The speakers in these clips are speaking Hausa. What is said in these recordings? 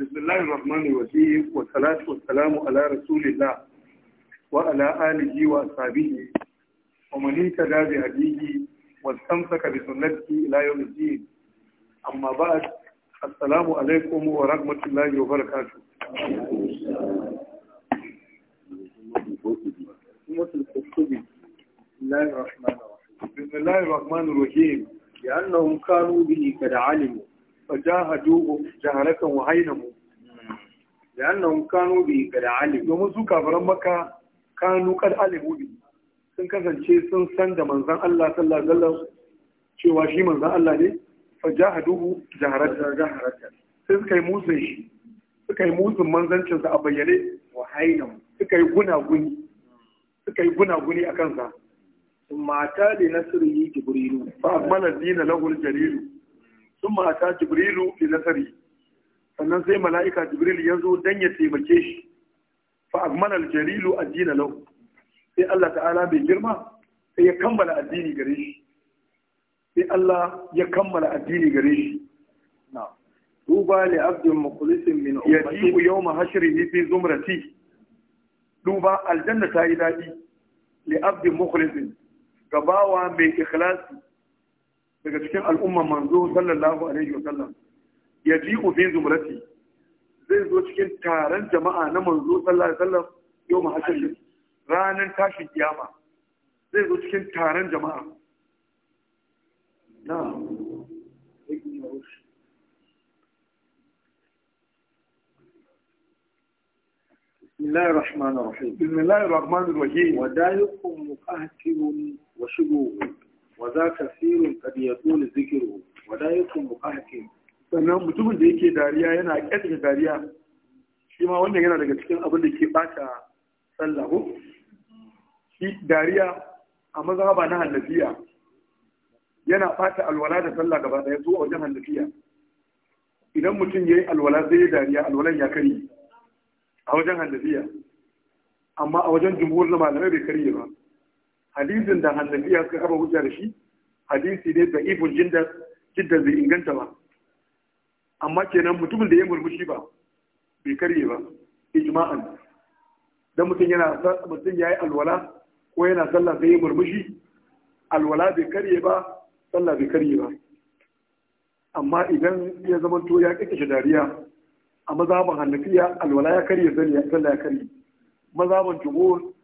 بسم الله الرحمن الرحيم والصلاة والسلام على رسول الله وعلى آله وأصحابه ومن اهتدى بهديه واستمسك بسنته إلى يوم الدين أما بعد السلام عليكم ورحمة الله وبركاته بسم الله الرحمن الرحيم بسم الله الرحمن الرحيم لأنهم كانوا به قد علموا fajahadu jaharatan wa hainamu da annan kanu bi kada alim domin su kafaran makka kanu kad alimu bi sun kasance sun san da manzon Allah sallallahu alaihi wasallam cewa shi manzon Allah ne fajahaduhu jaharatan jaharatan sai suka yi musun shi suka yi musun manzancin sa a bayyane wa hainamu suka yi gunaguni suka yi gunaguni akan sa mata da nasiru jibrilu fa mana dina lahul jalilu sun mata jibrilu li nasari sannan sai mala'ika Jibrilu ya zo dan ya taimake shi fa akmala al-jalilu addina lahu sai Allah ta'ala bai girma sai ya kammala addini gare shi sai Allah ya kammala addini gare shi na duba li abdin mukhlisin min ummati yatiku yawma hashrihi fi zumrati duba aljanna ta yi dadi li abdin mukhlisin gabawa mai ikhlasi daga cikin al'umma manzo sallallahu alaihi wa sallam ya ji ubin zumrati zai zo cikin taron jama'a na manzo sallallahu alaihi wa sallam yau ranar tashin kiyama zai zo cikin taron jama'a na بسم الله الرحمن الرحيم بسم الله الرحمن الرحيم ودايكم مقاتل وشبوه kasirin كثير قد zikiru ذكره ya kuma مقهقين sannan mutumin da yake dariya yana ƙetare dariya shi ma wannan yana daga cikin abin da ke ɓata sallah ko shi dariya a mazhaba na hannafiya yana ɓata alwala da sallah gaba ɗaya zuwa wajen hannafiya idan mutum ya yi alwala zai yi dariya alwalan ya karye a wajen hannafiya amma a wajen jumhur na malamai bai karye ba hadisin da hannabiya suka kafa hujja da shi hadisi ne da ibun jindar jiddan zai inganta ba amma kenan mutumin da ya murmushi ba bai karye ba ijma'an dan mutum yana mutum yayi alwala ko yana sallah sai ya murmushi alwala bai karye ba sallah bai karye ba amma idan ya zama to ya kike dariya a mazhaban hannafiya alwala ya karye sallah ya karye mazhaban jumhur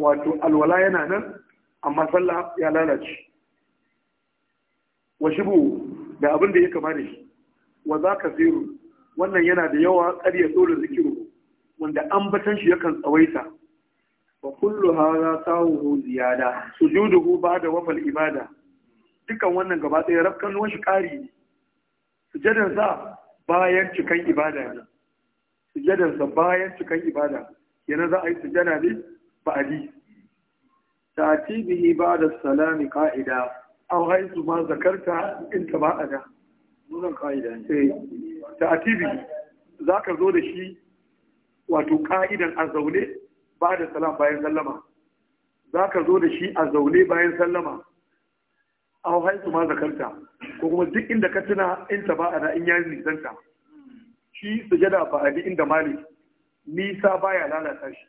wato alwala yana nan amma sallah ya lalace wa shibu da abin da ya kama da shi wa za ka siru wannan yana da yawa ƙarya tsoron zikiru wanda ambatan shi yakan tsawaita wa kullu hadha sawuhu ziyada sujuduhu ba'da wafal ibada dukan wannan gaba ɗaya rafkanuwan shi ƙari ne Su sa bayan cikan ibada ne sa bayan cikan ibada yana za a yi sujada ne ba'adi ta'ati bihi da salami ƙa'ida aw haythu ma zakarta in ta da. wannan qa'ida ne eh, ta'ati bihi ka zo da shi wato ƙa'idan a zaune ba da salam bayan sallama Za ka zo da shi a zaune bayan sallama aw haythu ma zakarta ko kuma duk inda ka tuna in ta da in yi nisanta shi su sujada ba'adi inda malik nisa baya lalata shi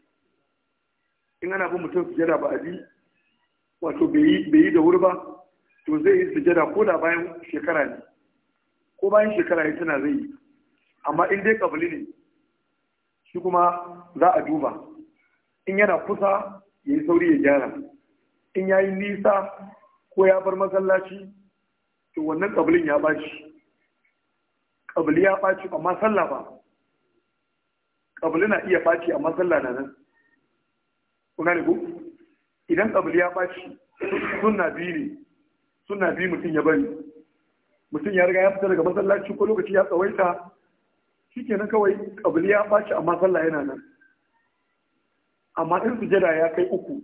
in ana bin mutum sujada ba a ji wato bai yi da wuri ba to zai yi sujada ko da bayan shekara ne ko bayan shekara ya tana zai yi amma in dai kabali ne shi kuma za a duba in yana kusa ya yi sauri ya gyara in ya yi nisa ko ya bar masallaci to wannan kabalin ya ɓaci kabali ya amma sallah ba kabali na iya ɓaci amma sallah na nan kun ne ko idan kabili ya baci sunna biyu ne sunna biyu mutum ya bari mutum ya riga ya fita daga masallaci ko lokaci ya tsawaita shikenan kawai kabili ya baci amma sallah yana nan amma in sujada ya kai uku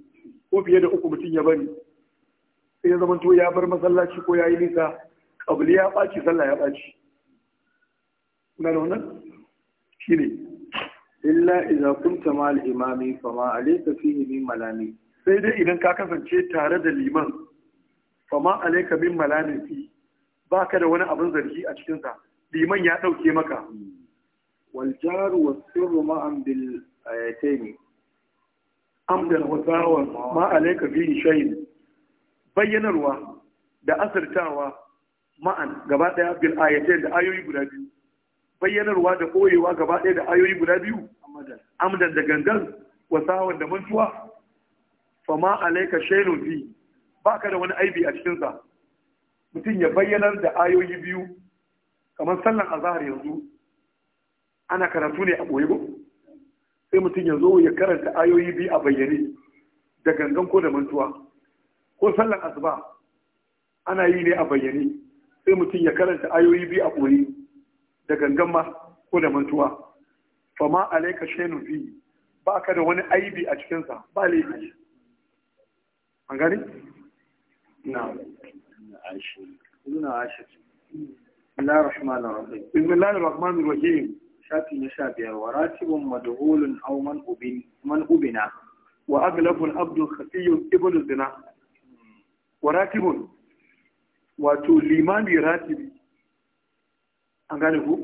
ko fiye da uku mutum ya bari sai ya zama to ya bar masallaci ko ya yi nisa kabili ya baci sallah ya baci kuna da wannan shine illa idza kunta ma al-imami fama alayka fihi min malami sai dai idan ka kasance tare da liman fa fama alayka min malami fi baka da wani abin zargi a cikin sa liman ya dauke maka wal jaru was sirru an bil ayatayn amdan wa zawar ma alayka fihi shay'in bayyanarwa da asirtawa ma'an gaba daya bil ayatayn da ayoyi guda biyu bayyanarwa da koyewa gaba ɗaya da ayoyi guda biyu amdan da gangan wasawan da mantuwa fama alaika shailun fi baka da wani aibi a cikinsa mutum ya bayyanar da ayoyi biyu kamar sallan azahar yanzu ana karatu ne a ɓoye ba sai mutum ya zo ya karanta ayoyi biyu a bayyane da gangan ko da mantuwa ko sallan asuba ana yi ne a bayyane sai mutum ya karanta ayoyi biyu a ɓoye da gangan ma ko da mantuwa fa ma alayka shay'un fi ba ka da wani aibi a cikin sa ba laifi an gani na ashi Ina ashi bismillahir rahmanir rahim bismillahir rahmanir rahim shafi na sha biyar wa ratibun madhulun aw man ubin man ubina wa aglabul abdu khafiyun ibnu zina wa ratibun wato limami ratibi an gane ku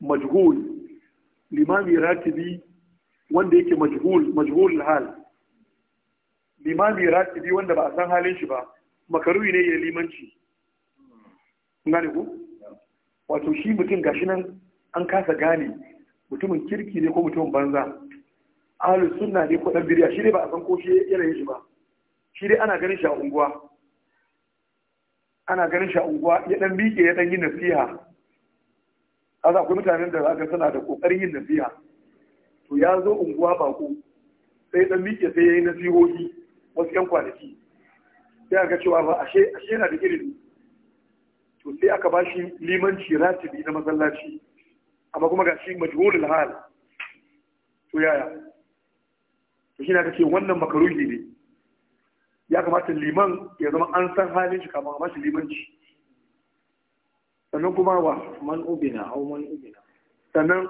majhul limami ratibi wanda yake majhul majhul hal limami ratibi wanda ba a san halin shi ba makaruhi ne ya limanci an gane ku wato shi mutum gashi nan an kasa gane mutumin kirki ne ko mutumin banza ahlus sunna ne ko dan biriya shi ne ba a san ko shi yanayin shi ba shi dai ana ganin shi a unguwa ana ganin shi a unguwa ya dan miƙe ya dan yi nasiha kaza akwai mutanen da zaka suna da kokarin yin nasiha to ya zo unguwa bako sai dan miƙe sai yayi nasihohi wasu yan kwanaki sai aka cewa ba ashe ashe yana da ilimi to sai aka bashi limanci ratibi na masallaci amma kuma gashi majhulul hal to yaya to shi na kace wannan makaruhi ne ya kamata liman ya zama an san halin shi kamar amma shi limanci sannan kuma wa man ubina au man ubina sannan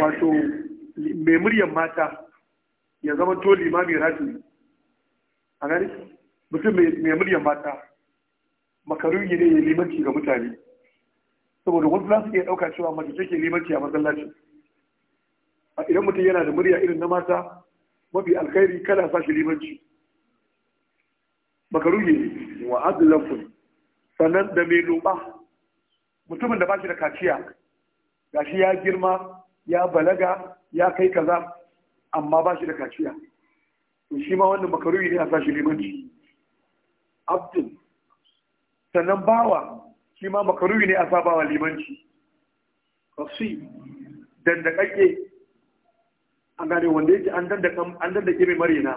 wato mai muryan mata ya zama to limami rajuli a gani mutum mai muryan mata yi ne ya limanci ga mutane saboda wasu za su iya ɗauka cewa mace ke limanci a masallaci a idan mutum yana da murya irin na mata mafi alkhairi kada sa shi limanci makaruni ne wa adlafun sannan da mai loba mutumin da ba shi da kaciya ga shi ya girma ya balaga ya kai kaza amma ba shi da kaciya to shi ma wannan makaruri ne a sashi limanci abdul sannan bawa shi ma makaruri ne a sa bawa limanci kasi dandakakke A gane wanda yake an dandake mai marina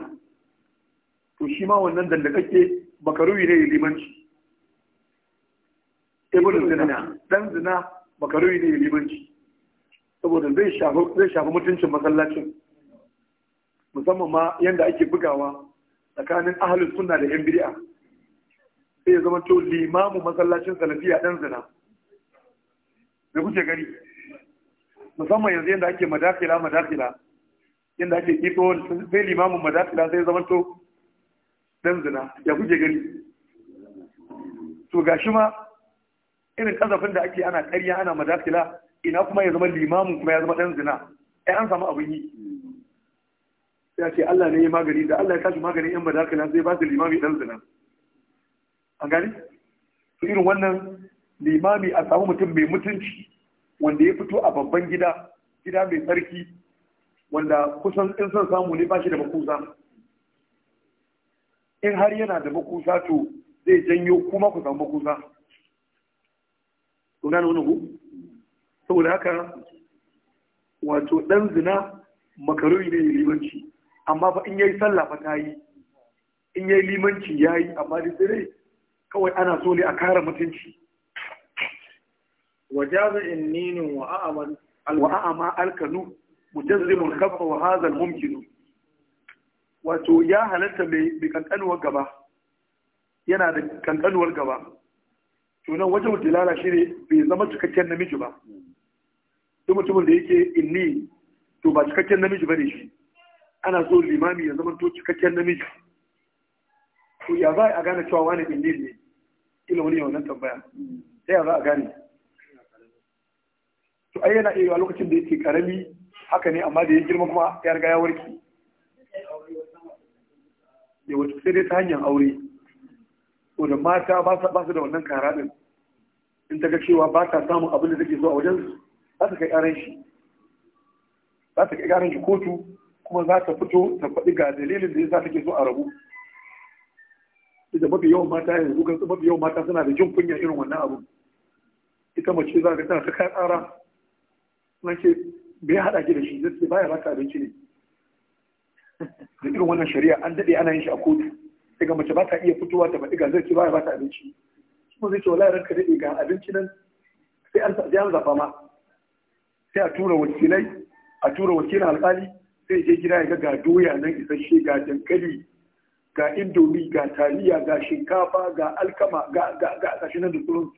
to shi ma wannan dandakakke makaruri ne limanci ibnu zina dan zina makaruri ne libanci saboda zai shafi mutuncin masallacin musamman ma yadda ake bugawa tsakanin ahalin sunna da yan bid'a sai ya zama to limamu masallacin salafiya dan zina da kuke gari musamman yanzu yadda ake madakila madakila yadda ake ibo sai limamin madakila sai ya zama to dan zina ya kuke gari to gashi ma irin kazafin da ake ana karya ana madakila ina kuma ya zama limamin kuma ya zama ɗan zina ai an samu abin yi ya ce Allah ne ya magani da Allah ya kashi maganin yan madakila zai ba su limami dan zina an gani su irin wannan limami a samu mutum mai mutunci wanda ya fito a babban gida gida mai tsarki wanda kusan in son samu ne ba shi da makusa in har yana da makusa to zai janyo kuma ku samu makusa kun wani ku saboda haka wato dan zina makaruri ne limanci amma fa in yayi sallah fa ta yi in yayi limanci ya yi, amma da sai kawai ana so ne a kara mutunci wajaza inninin wa a'aman wa a'ama alkanu mujazzimun kafa wa hadha mumkinu wato ya halatta mai kankanuwar gaba yana da kankanuwar gaba tunan wajen dilala shi ne bai zama cikakken namiji ba duk mutumin da yake inni to ba cikakken namiji ba ne shi ana so limami ya zama to cikakken namiji to ya za a gane cewa wani inni ne ila wani yawan tambaya sai ya za a gane to ai yana iya lokacin da yake karami haka ne amma da ya girma kuma ya riga ya warke ya sai dai ta hanyar aure to mata ba su da wannan kara din in ta ga cewa ba ta samun abin da take so a wajen za ta kai ƙaran shi za ta kai ƙaran shi kotu kuma za ta fito ta faɗi ga dalilin da ya sa take so a rabu ita mafi yawan mata yanzu kan mafi yawan mata suna da jin kunya irin wannan abu ita mace za ta tana ta kai ƙara na ce bai haɗa ki da shi zai baya ba ta abinci ne da irin wannan shari'a an daɗe ana yin shi a kotu daga mace ba ta iya fitowa ta faɗi ga zai baya ba ta abinci kuma zai ce wallahi ranka daɗe ga abinci nan sai an sai an zafa ma sai a tura wakilai a tura wakilin alƙali sai je gida ya ga ga doya nan isasshe ga dankali ga indomi ga taliya ga shinkafa ga alkama ga ga ga nan da tsoron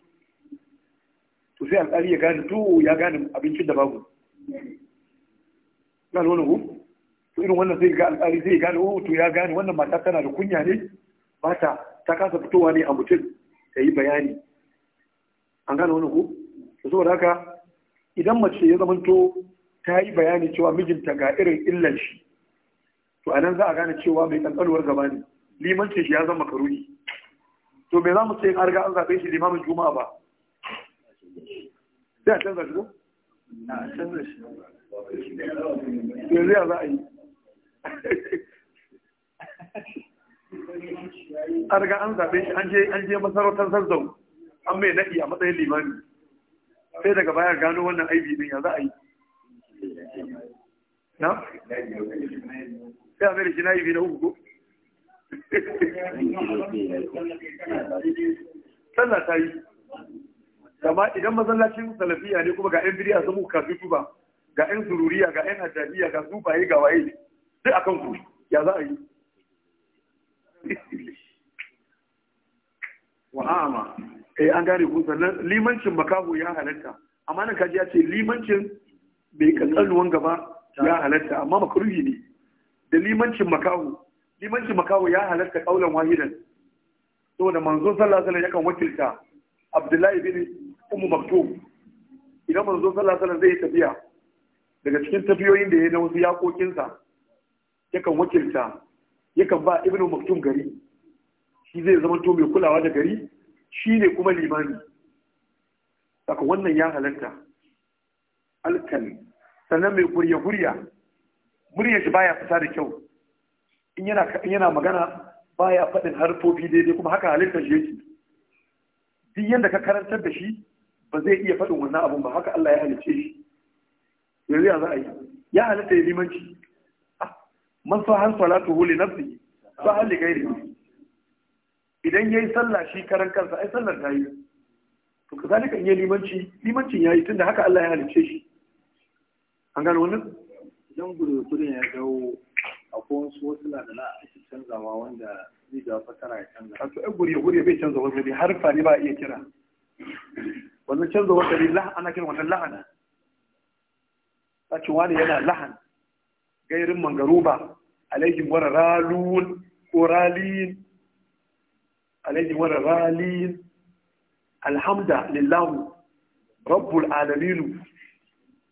to sai alƙali ya gane to ya gane abincin da babu na lona ku to irin wannan sai ga alƙali sai ya gane oh to ya gane wannan mata tana da kunya ne ba ta kasa fitowa ne a mutum Ta yi bayani an gane wani ku su saboda haka idan mace ya zamanto ta yi bayani cewa mijinta ga irin illan shi to a nan za a gane cewa mai kankanuwar gaba ne limancin shi ya zama karuni to me za mu ce in an riga an zaɓe shi limamin juma'a ba sai a canza shi ko yanzu ya za a yi A riga an zaɓe shi an je masarautar zazzau an mai naɗi a matsayin limani sai daga baya gano wannan aibi din ya za a yi na? sai a mere shi na aibi na uku sallah ta yi amma idan masallacin salafiya ne kuma ga yan biriya sun muka kafin tuba ga yan zururiya, ga yan hajjabiya ga sufaye ga waye duk akan ku ya za a yi wa'ama eh an gane ku sannan limancin makaho ya halatta amma nan kaji ya ce limancin bai kankanuwan gaba ya halatta amma makaruhi ne da limancin makaho limancin makahu ya halatta kaulan wahidan saboda manzon sallallahu alaihi yakan wakilta abdullahi bin ummu maktum idan manzon sallallahu alaihi zai tafiya daga cikin tafiyoyin da ya na wasu yakokinsa yakan wakilta yakan ba ibnu maktum gari shi zai zama to mai kulawa da gari shi ne kuma limani saka wannan ya halatta alkan sannan mai hurya hurya murya shi baya fita da kyau in yana magana baya faɗin harfofi daidai kuma haka halittar shi yake duk yadda ka karantar da shi ba zai iya faɗin wannan abun ba haka Allah ya halicce shi yanzu ya za a yi ya halitta ya limanci man fa han salatuhu li nafsi fa hal li ghairihi idan yayi sallah shi karan kansa ai sallar ta yi to kazalika in yi limanci limancin yayi tunda haka Allah ya halice shi an gano wannan idan gudu kudin ya dawo akwai wasu wasu na da ake canzawa wanda zai da fasara ya canza a to ai guri guri bai canza wasu ne harfa ne ba iya kira wannan canza wasu ne la'ana kiran wannan la'ana a ce wani yana la'ana gairin mangaruba alaihim wara ralun ko ralin wara ralin alhamda lillahu rabbul alaminu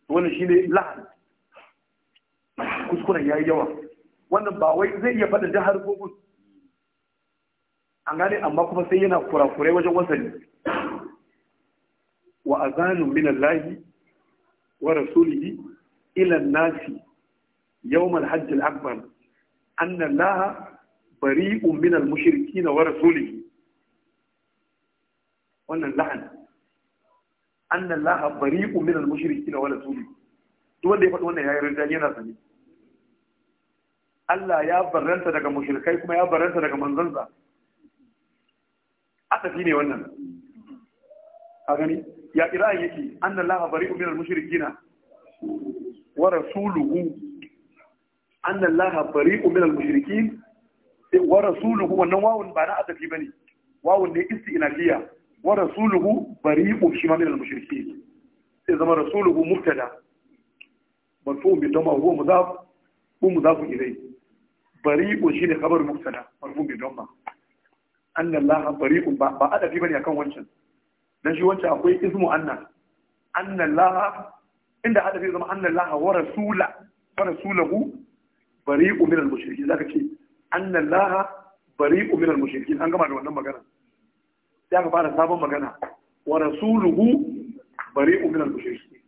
wannan shine la'an kuskuren yayi yawa wannan ba wai zai iya faɗa jihar gogun an gane amma kuma sai yana kurakurai wajen wasanni, wa azanu minallahi allahi wa rasulihi ila nasi yawmal الحج الأكبر أن الله بريء من المشركين ورسوله وأن أن wannan la'an من المشركين ورسوله دول يفتح وأن يا rasulihi duk ya faɗi wannan yana Allah ya barranta daga mushrikai kuma ya barranta daga manzansa asafi ne wannan a gani ya yake wa rasuluhu anna Allah bari'u minal mushrikin wa rasuluhu wannan wawun ba na azafi ne. wawun ne isti'nafiya wa rasuluhu bari'u shima minal mushrikin sai zama rasuluhu mubtada marfu bi dama huwa mudaf ko mudaf ilayhi bari'u shine khabar mubtada marfu bi dama anna Allah bari'u ba azafi bane akan wancan dan shi wancan akwai ismu Annan. anna laha, inda hadafi zama anna laha wa rasula wa rasulahu bari'u min al-mushrikin zaka ce anna Allah bari'u min al-mushrikin an gama da wannan magana sai aka fara sabon magana wa rasuluhu bari'u min al-mushrikin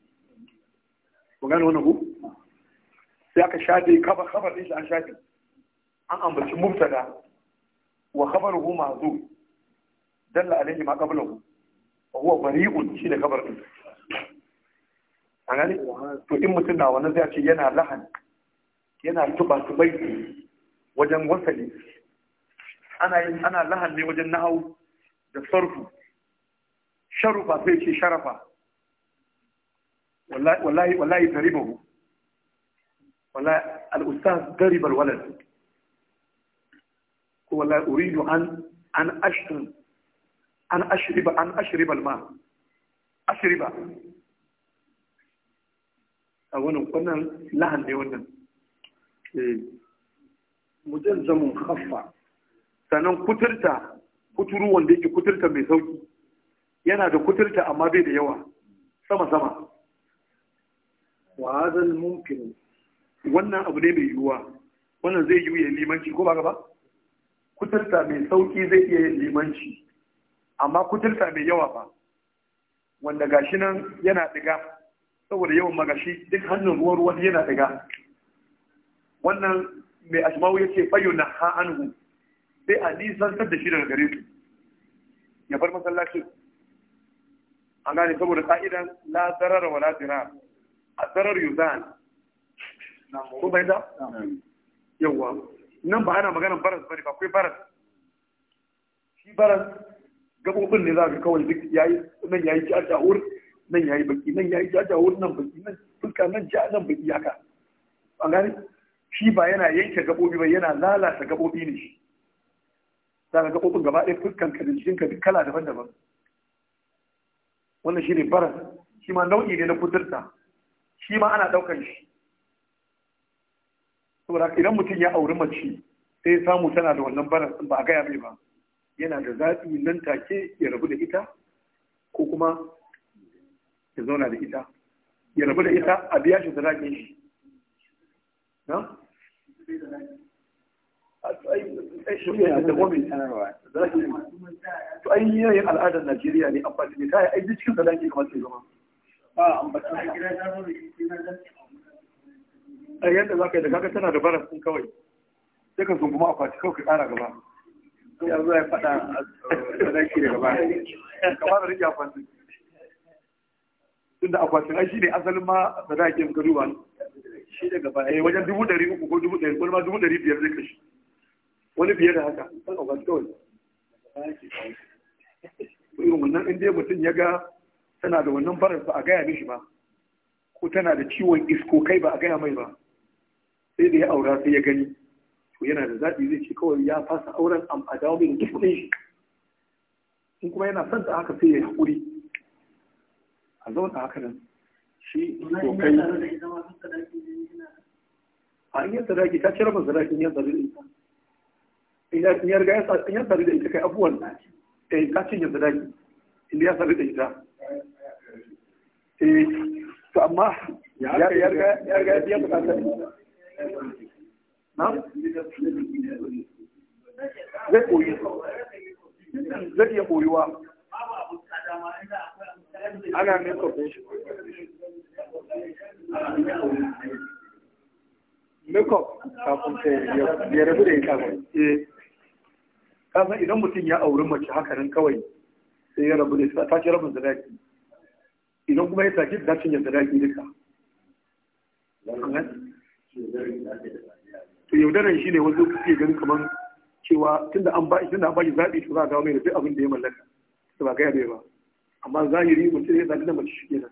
magana gane wannan ku sai aka shafe kafa khabar din shi an shafe an ambaci mubtada wa khabaruhu ma'zu dalla alayhi ma qablahu wa huwa bari'un shi da kabar din an gane to in mutum na wannan zai ce yana lahani yana tuba tubai wajen wasali ana yin ana lahan ne wajen nahau da sarfu sharufa sai ce sharafa wallahi wallahi taribahu wallahi al-ustaz darib al-walad ko wallahi uridu an an ashrib an ashrib an ashrib al-ma ashriba a wannan wannan lahan ne wannan mujazzamun khaffa sannan kuturta kuturu wanda yake kuturta mai sauki yana da kuturta amma bai da yawa sama sama wa hadal mumkin wannan abu ne mai yiwuwa wannan zai yiwu ya limanci ko ba ka ba kuturta mai sauki zai iya yin limanci amma kuturta mai yawa ba wanda gashi nan yana diga saboda yawan magashi duk hannun ruwan ruwan yana diga wannan mai asma'u ya ce bayu na ha'anhu sai a nisan da shi daga gare su ya bar masallaci an gane saboda ka'idan la zarara wa la zira a zarar yuzan ko bai da yawa nan ba ana maganar baras bari ba kai baras shi baras gabobin ne za ka kawai duk yayi nan yayi jajawur nan yayi baki nan yayi jajawur nan baki nan fuska nan ja nan baki haka an gane shi ba yana yanke gabobi ba yana lalata gabobi ne shi za gabobin gaba ɗaya fuskan ka da ka kala daban-daban wannan shi ne baras shi ma nau'i ne na kudurta shi ma ana ɗaukar shi saboda idan mutum ya auri mace sai samu tana da wannan baras ba a gaya mai ba yana da zaɓi nan take ya rabu da ita ko kuma ya zauna da ita ya rabu da ita a biya shi da zaƙin shi ma to ai yanayin al'adar najeriya ne amfani ne kayan ai cikin da kamar sai zama ba a yadda za ka yi da kaga tana da baras ɗin kawai sai ka zunguma a kwaci kawai ka kara gaba ya zo ya faɗa a dangi da gaba kamar da rike akwatin tunda akwatin ai shi ne asalin ma da zaki a ke duba shi daga baya eh, wajen dubu ɗari uku ko dubu ɗari wani ma dubu ɗari biyar zai kashi wani biyar da haka kan auka kawai irin wannan inda mutum ya ga tana da wannan barar ba a gaya mishi ba ko tana da ciwon isko kai ba a gaya mai ba sai da ya aura sai ya gani to yana da zaɓi zai ce kawai ya fasa auren a dawo mai da kuɗin shi in kuma yana son ta haka sai ya yi haƙuri a zauna haka nan shi a in yin sadaki ta cire masa sadakin yan da ita in ya riga yan tsari da ita kai abubuwan eh ka cinye sadaki in ya tsari da ita eh to amma ya riga ya riga ya biya bukatar na zai koyi zai iya koyuwa ana neman kwafin shi Eh. Ka kafin idan mutum ya auri mace haka nan kawai sai ya rabu da ya take rabin sadaki idan kuma ya tashi da cinye sadaki duka to yaudaran shi ne wasu kuke ganin kamar cewa tunda an ba shi ba shi zaɓi to za a dawo mai da duk abin da ya mallaka to ba gaya bai ba amma zahiri mutum ya zaɓi da mace shi kenan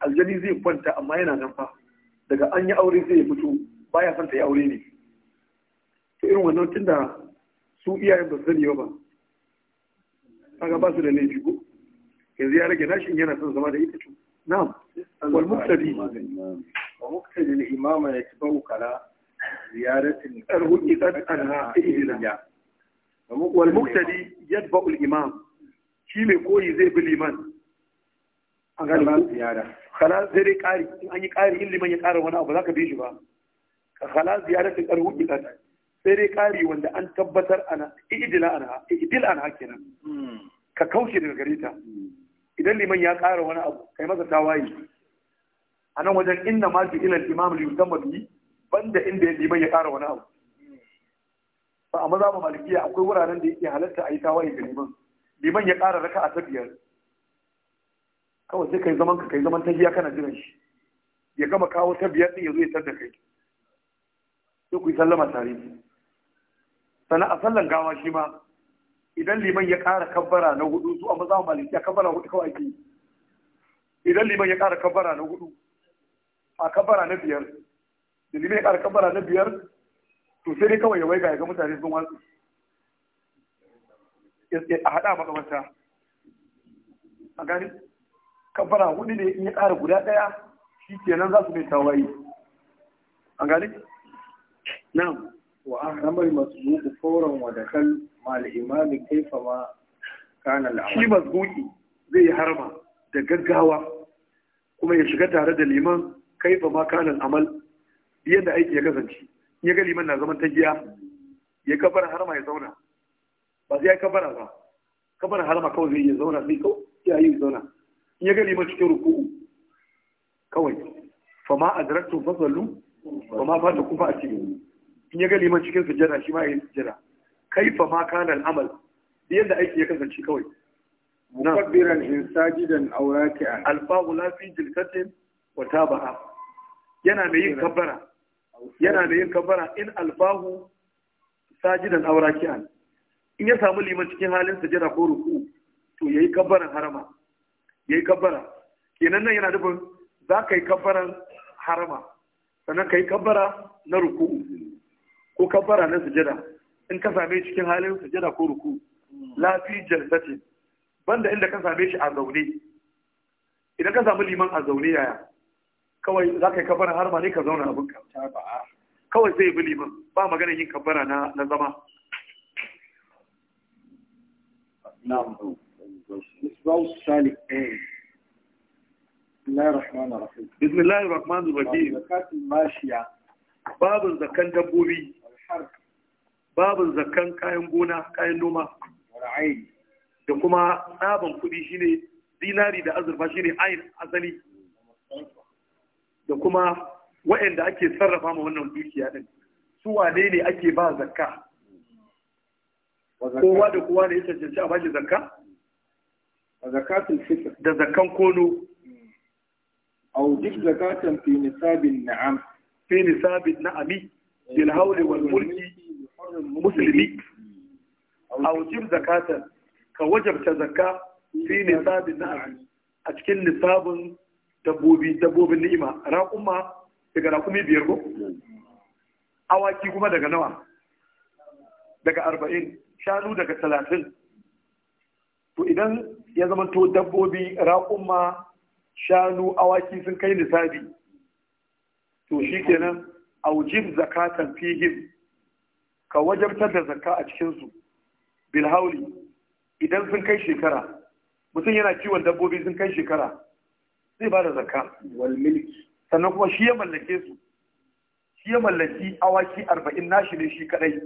aljani zai kwanta amma yana nan fa daga an yi aure zai mutu baya son ta yi aure ne ta irin wannan tunda su iyayen ba su sani ba kaga ba su da laifi ko yanzu ya rage nashin yana son zama da ita Na na'am wal muqtadi wa muqtadi al imama yatba'u kala ziyaratin al huqiqat anha idina wal muqtadi yatba'u al imam shi mai koyi zai bi liman an ga ziyara kala sai dai ƙari in an yi ƙari in liman ya ƙara wani abu za ka bi shi ba ka kala ziyaratin ƙarfin ikata sai dai ƙari wanda an tabbatar ana idila ana idil ana kenan ka kaushe daga gare ta idan liman ya ƙara wani abu kai masa tawaye a nan wajen inda ma ji ilal imam li yusamma bihi banda inda liman ya ƙara wani abu ba a maza ba malikiya akwai wuraren da yake halatta a yi tawaye ga liman liman ya ƙara raka'a ta biyar kawai sai kai zaman ka kai zaman tahiya kana jiran shi ya gama kawo ta biyar din ya zo ya tar da kai sai ku yi sallama tare sannan a sallan gawa shi ma idan liman ya ƙara kabbara na hudu su a maza maliki ya kabbara hudu kawai ake idan liman ya ƙara kabbara na hudu a kabbara na biyar da liman ya ƙara kabbara na biyar to sai dai kawai ya waiga ya ga mutane sun watsu a haɗa makamanta a gani kafara hudu ne in ya ƙara guda ɗaya shi kenan za su mai tawaye an gani nan wa ahramar masu fawran wa wadatar mal imami kaifa ma kanan al'amal shi masbuki zai yi harma da gaggawa kuma ya shiga tare da liman kaifa ma kana al'amal yadda aiki ya kasance ya ga liman na zaman giya ya kafara harma ya zauna ba sai ya kafara ba kafara harma kawai zai iya zauna sai kawai ya yi zauna in ya gani ma cikin ruku'u kawai fa ma fa fasallu wa ma fa takum fa cikin in ya gani ma cikin sujjada shi ma yayin sujjada kaifa ma kana al'amal yadda aiki ya kasance kawai mukabbiran in sajidan aw raki'an alfa'u la fi jilkatin wa taba'a yana mai yin kabbara yana mai yin kabbara in alfahu sajidan aw raki'an in ya samu liman cikin halin sujjada ko ruku'u to yayi kabbaran harama yi kabbara kenan nan yana dubin za ka yi kabbaran harama sannan ka yi kabbara na ruku'u ko kabbara na sujada in ka same cikin halin sujada ko ruku lafi jalsatin banda inda ka same shi a zaune idan ka samu liman a zaune yaya kawai za ka yi kabbara harama ne ka zauna abin ka kawai zai bi liman ba magana yin kabbara na zama مصباح السالك بسم الله الرحمن الرحيم بسم الله الرحمن الرحيم زكاة الماشية باب زكاة دبوبي باب زكاة كاين gona kayan noma والعين da kuma tsaban kuɗi shine dinari da azurfa shine ayin asali da kuma waɗanda ake sarrafa ma wannan dukiya din su wane ne ake ba zakka kowa da kowa ne ya cancanci a ba shi zakka da zakan kono aw dik zakatan fi nisabin na'am fi nisabin na'ami bil hawli wal mulki muslimi aw jib zakatan ka wajabta zakka fi nisabin na'am a cikin nisabin dabbobi dabbobin ni'ima raquma daga raqumi biyar ko awaki kuma daga nawa daga arba'in shanu daga talatin to idan ya zama to dabbobi raƙumma shanu awaki sun kai nisabi to shi kenan aujib zakatan fihim ka wajabtar da zakka a cikinsu bilhauli idan sun kai shekara mutum yana kiwon dabbobi sun kai shekara zai ba da zakka sannan kuma shi ya mallake su shi ya mallaki awaki arba'in nashi ne shi kadai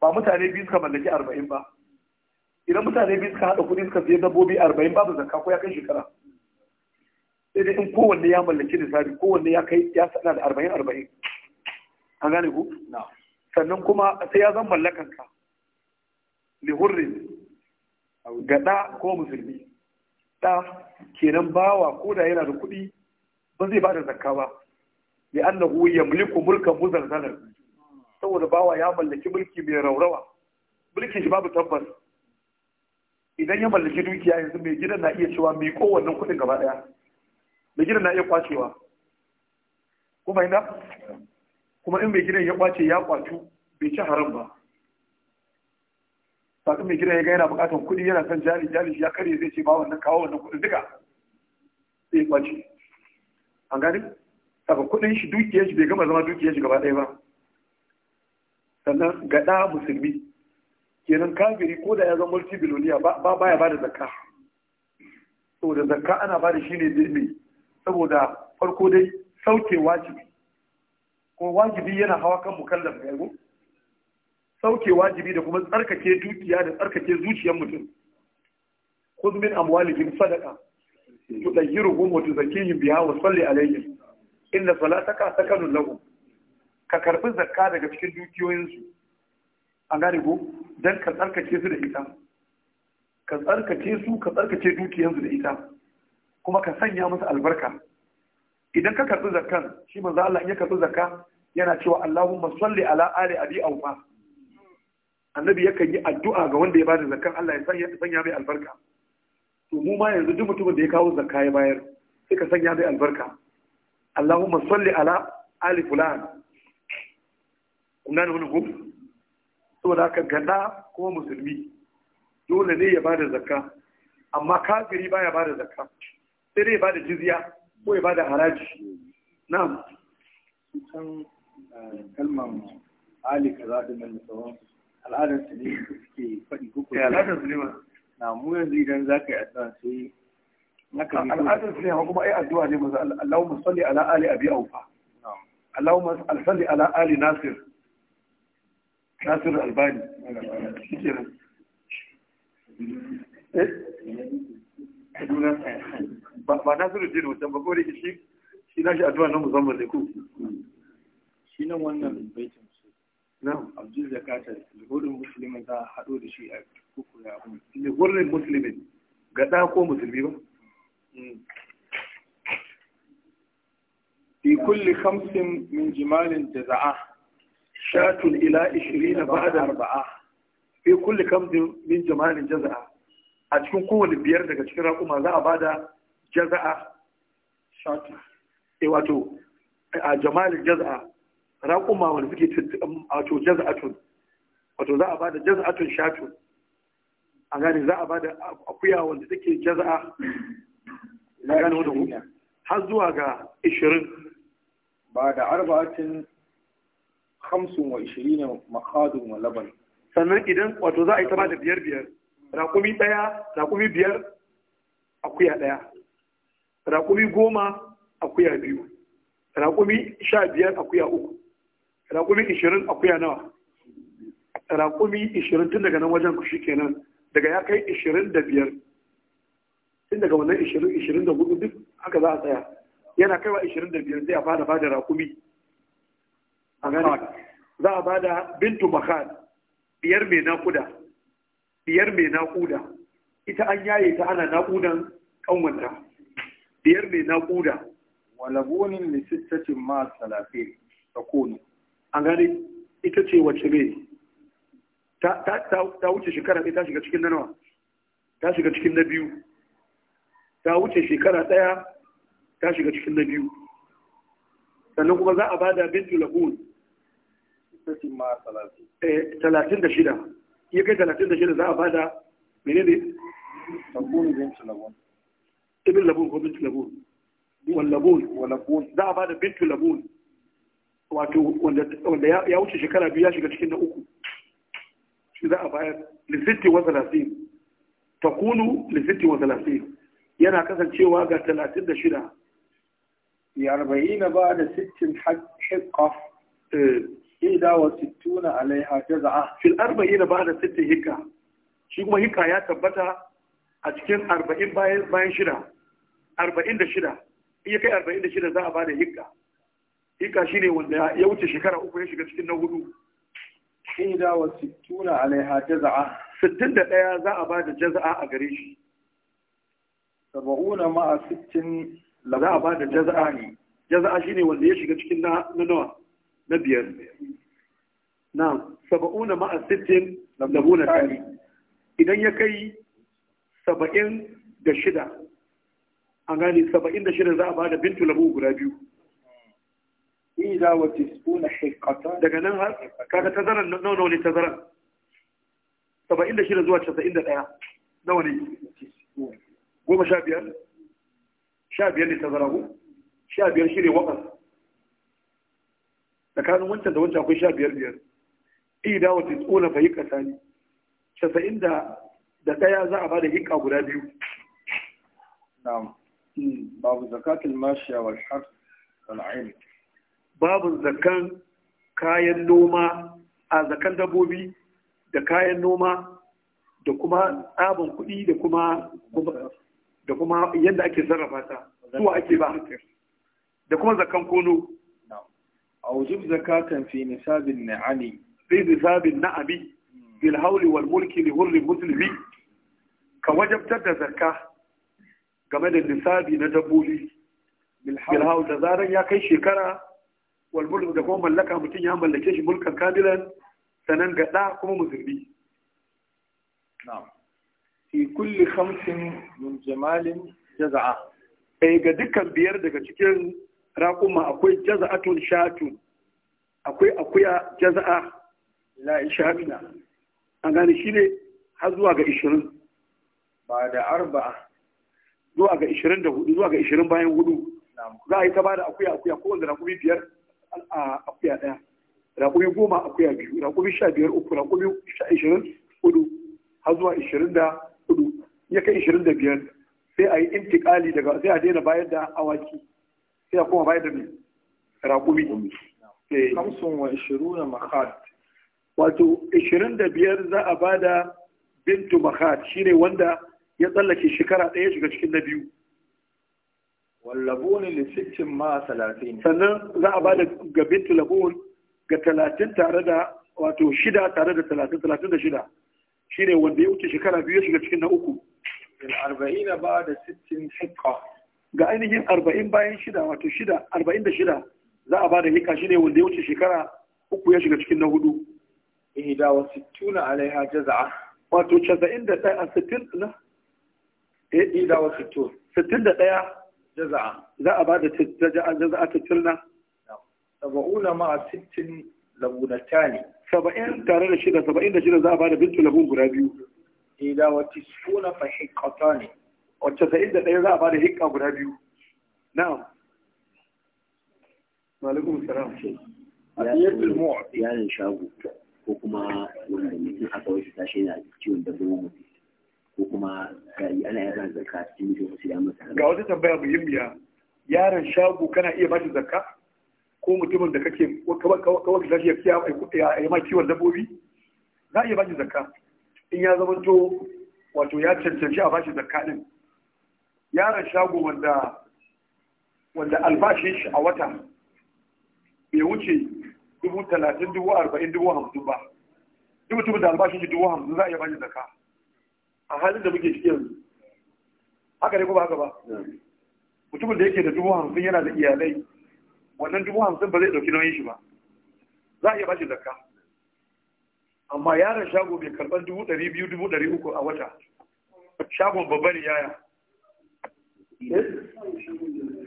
ba mutane biyu suka mallaki arba'in ba idan mutane biyu suka haɗa kuɗi suka siya dabbobi arba'in babu zakka ko ya kai shekara sai dai in kowanne ya mallaki da sari kowanne ya kai ya sana da arba'in arba'in an gane ku sannan kuma sai ya zan mallakan ka hurri ga ɗa ko musulmi ɗa kenan bawa ko da yana da kuɗi ba zai ba da zakka ba li annahu yamliku mulkan muzalzalar. saboda bawa ya mallaki mulki mai raurawa mulkin shi babu tabbas idan ya mallaki dukiya yanzu mai gidan na iya cewa mai kowannan kuɗin gaba ɗaya mai gidan na iya kwacewa kuma ina kuma in mai gidan ya kwace ya kwatu bai ci haram ba sakin mai gidan ya ga yana buƙatar kuɗi yana son jari jari ya karye zai ce ba wannan kawo wannan kuɗin duka sai ya kwace an gani saka kuɗin shi dukiyar shi bai gama zama dukiyar shi gaba ɗaya ba sannan gada musulmi kenan kafiri ko da ya zama multi biloniya ba baya ba da zakka saboda zakka ana ba da shi ne dirmi saboda farko dai sauke wajibi ko wajibi yana hawa kan mukallaf ya go sauke wajibi da kuma tsarkake dukiya da tsarkake zuciyar mutum khudh min amwalihim sadaqa tudayyiruhum wa tuzakkihim biha wa salli alayhim inna salataka sakanun lahum ka karbi zakka daga cikin dukiyoyinsu an gane ko don ka tsarkake su da ita ka tsarkake su ka tsarkake dukiyansu da ita kuma ka sanya musu albarka idan ka karɓi zakkan shi manzo Allah in ya karɓi zakka yana cewa Allahumma salli ala ali abi awfa annabi yakan yi addu'a ga wanda ya bada zakkan Allah ya sanya mai albarka to mu ma yanzu duk mutumin da ya kawo zakka ya bayar sai ka sanya mai albarka Allahumma salli ala ali fulan kun gane wannan ko saboda haka ganda kuma musulmi dole ne ya ba da zakka amma kafiri baya ba da zakka sai dai ya ba da jizya ko ya ba da haraji na'am can eh, kalmar ali kaza da nan tsawon al'adar su ne suke faɗi ko kuma eh, al'adar su ne ma na mu yanzu idan za ka yi addu'a sai al'adar su ne ma kuma ai addu'a ne maza Allahumma salli ala ali abi aufa Allahumma salli ala ali nasir Eh? nasiru albani Ba na nan ba jini wancan ba kore shi shi na shi addu'a na musamman da ku shi nan wannan baitin su na abdul zakatar lihurin musulmin za a haɗo da shi a kuku ya hun lihurin musulmin ga ɗa ko musulmi ba mm. fi kulli kamsin min jimalin jaza'a shatun ila 20 ba'da arba'a fi kulli kamdin min jamalin jaza'a a cikin kowane biyar daga cikin raƙuma za a bada jaza'a shatun eh wato a jamalin jaza'a raƙuma wanda suke um, wato jaza'atun wato za a bada jaza'atun shatun a gane za a bada akuya wanda take jaza'a na gane wanda har zuwa ga 20 ba da arba'atin hamsin wa ishirin makadun wa laban sannan idan wato za a yi ta da biyar biyar raƙumi ɗaya raƙumi biyar akuya ɗaya raƙumi goma akuya biyu raƙumi sha biyar akuya uku raƙumi ishirin akuya nawa raƙumi ishirin tun daga nan wajen ku kenan daga ya kai ishirin da biyar tun daga wannan ishirin ishirin da hudu duk haka za a tsaya yana kaiwa ishirin da biyar zai a fara da raƙumi za a ba da bintu bakal biyar mai nakuda biyar mai nakuda ita an yaye ta ana nakudan kanwanta biyar mai nakuda walabonin lisittacin ma salafi ta kone a gani ita ce wacce ne ta wuce shekara ɗaya ta shiga cikin na nawa ta shiga cikin na biyu ta wuce shekara ɗaya ta shiga cikin na biyu sannan kuma za a ba da bintu lagun sittatin ma talatin. Eh, da shida. kai talatin da shida za a bada menene? Sabon bintu labun. Ibn labun ko bin labun. Wallabun. Wallabun. Za a bada bin labun. Wato wanda ya wuce shekara biyu ya shiga cikin na uku. Shi za a bayar lisitti wa talatin. Takunu lisitti wa talatin. Yana kasancewa ga talatin da shida. Ya arba'ina ba da sittin haƙƙaf. ida wa sittuna alaiha jaza'a fil arba'ina ba'da sittin hikka shi kuma hikka ya tabbata a cikin arba'in bayan bayan shida arba'in da kai arba'in da shida za a bada hikka hikka shine wanda ya wuce shekara uku ya shiga cikin na hudu ida wa sittuna alaiha jaza'a sittin da ɗaya za a bada jaza'a a gare shi saba'una ma'a sittin za a bada jaza'a ne jaza'a shine wanda ya shiga cikin na nawa na biyar na saba'una ma'a sittin labuna tari idan ya kai saba'in da shida an gani saba'in da shida za a ba da bintu labu guda biyu إذا وتسعون حقة daga nan har kaga tazaran nawa nawa ne tazaran shida zuwa casa'in da ɗaya, nawa ne goma sha biyar sha biyar ne tazara ko sha biyar shi ne wakas tsakanin wancan da wancan akwai sha biyar biyar ida ta tsona fa hikka sani casa'in da da ɗaya za a ba da hikka guda biyu na'am hmm. babu zakatul mashiya wal har wal babu zakan kayan noma a zakan dabbobi da kayan noma da kuma tsabon kuɗi da kuma da kuma yadda ake sarrafa ta zuwa ake ba da kuma zakan kono أوجب زكاة في نساب النعم في نساب النعم بالهول والملك لهر المسلمي كوجب تد زكاة game da nisabi na dabbobi bilhaul da zaran ya kai shekara wal mulk da kuma mallaka mutum ya mallake shi mulkan kamilan sanan ga kuma musulmi na'am fi kulli khamsin jaza'a eh ga dukkan biyar daga cikin raƙuma akwai jaza'atun shatu akwai akuya jaza'a la ishatuna an gani shi ne har zuwa ga 20 ba da arba zuwa ga 24 zuwa ga 20 bayan hudu za a yi ta ba da akuya akuya ko wanda raƙumi biyar a akuya ɗaya raƙumi goma akuya biyu raƙumi sha biyar uku raƙumi sha ishirin hudu har zuwa ishirin da hudu ya kai ishirin da biyar sai a yi intikali daga sai a daina bayar da awaki sai a koma bayar da mai raƙumi kamsun eh. wa ishirin na makhad wato ishirin da biyar za a ba da bintu shi ne wanda ya tsallake shekara ɗaya shiga cikin na biyu wallabuni cikin ma talatin sannan za a ba da ga bintu labun ga talatin tare da wato shida tare da talatin talatin da shida shi ne wanda ya wuce shekara biyu ya shiga cikin na uku arba'ina ba da sittin hikka ga ainihin arba'in bayan shida wato shida arba'in da shida za a ba da hika shi ne wanda ya wuce shekara uku ya shiga cikin na hudu ihda wa sittuna alaiha jaza'a wato casa'in da ɗaya a sittin na eh, ihda wa sittun sittin da ɗaya jaza'a za a ba da jaza'a sittin na saba'una ma'a sittin ne. saba'in tare da shida saba'in da shida za a ba da bintu labun guda biyu ihda wa tisuna ne. wacce sa'in da ɗaya za a bada hikka guda biyu na'am malikun salam mu mu'ti yaron shago ko kuma wanda mutum aka wasu tashi na ciwon dabbobin mu ko kuma gari ana iya ba cikin mutum wasu ya masa ga wata tambaya muhimmiya yaron shago kana iya ba shi zarka ko mutumin da kake kawai tashi ya aiki a yi ma kiwon dabbobi za a iya ba shi zarka in ya zama to wato ya cancanci a ba shi zarka din yaron shago wanda wanda albashin shi a wata bai wuce dubu talatin dubu arba'in dubu hamsin ba Dubu-dubu da albashin shi dubu hamsin za a iya bani zaka a halin da muke ciki yanzu haka ne ko ba haka ba mutumin da yake da dubu hamsin yana da iyalai wannan dubu hamsin ba zai ɗauki nauyin shi ba za a iya bashi zakka amma yaron shago bai karɓar dubu ɗari biyu dubu ɗari uku a wata shagon babba ne yaya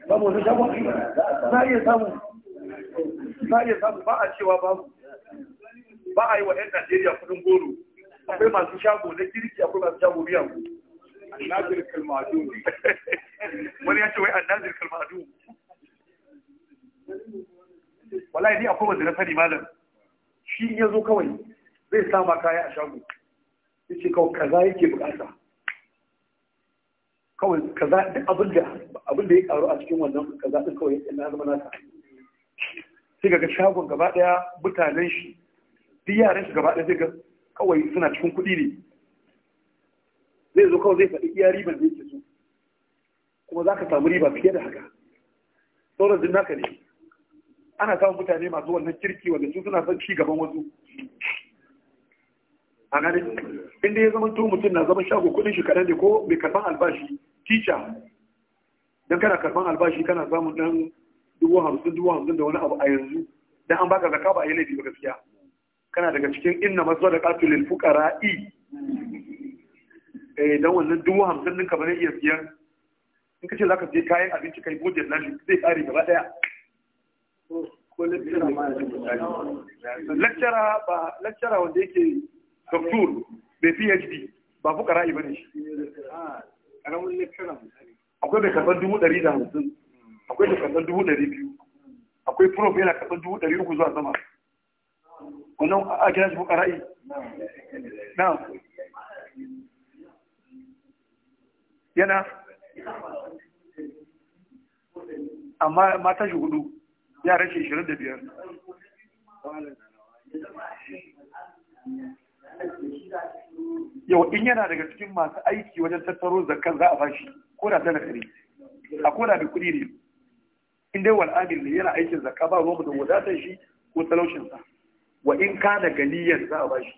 babu za a iya samun za a iya ba a cewa ba a yi wa 'yan najeriya kudin goro akwai masu shago na kirki akwai masu shago biyan ku annazir kalmadu wani ya ce wai annazir kalmadu wallahi ni akwai wanda na sani malam shi ya zo kawai zai sama kaya a shago yace kawai kaza yake bukata kawai kaza duk abin da abin da ya karu a cikin wannan kaza din kawai na zama nasa sai ga shagon gaba daya mutanen shi duk yaran shi gaba daya sai ga kawai suna cikin kuɗi ne zai zo kawai zai faɗi iya riban da yake so kuma za ka samu riba fiye da haka sauran din naka ne ana samun mutane masu wannan kirki wanda su suna son ci gaban wasu a inda ya zama tun mutum na zama shago kudin shi kaɗan ne ko mai karban albashi tica don kana karban albashi kana samun dan dubu hamsin dubu hamsin da wani abu a yanzu don an baka zaka ba a yi laifi gaskiya kana daga cikin inna maso da katulil fukara i eh wannan dubu hamsin ɗinka ba iya siyan in ka ce za ka je kayan abinci kai budget na zai ƙare gaba ɗaya ko lecturer ba lecturer wanda yake Doctor bai phd ba fuka ra'i bane shi akwai mai karɓar dubu ɗari da hamsin akwai mai karɓar dubu ɗari biyu akwai prof yana karɓar dubu ɗari uku zuwa sama wannan a kira shi fuka ra'i na yana amma mata shi hudu yaran shi ishirin da biyar yau in yana daga cikin masu aiki wajen tattaro zakar za a bashi ko da talaka ne a ko da kuɗi ne in dai wal amil ne yana aikin zakka ba ruwanmu da wadatar shi ko talaushin sa wa in ka da ganiyan za a bashi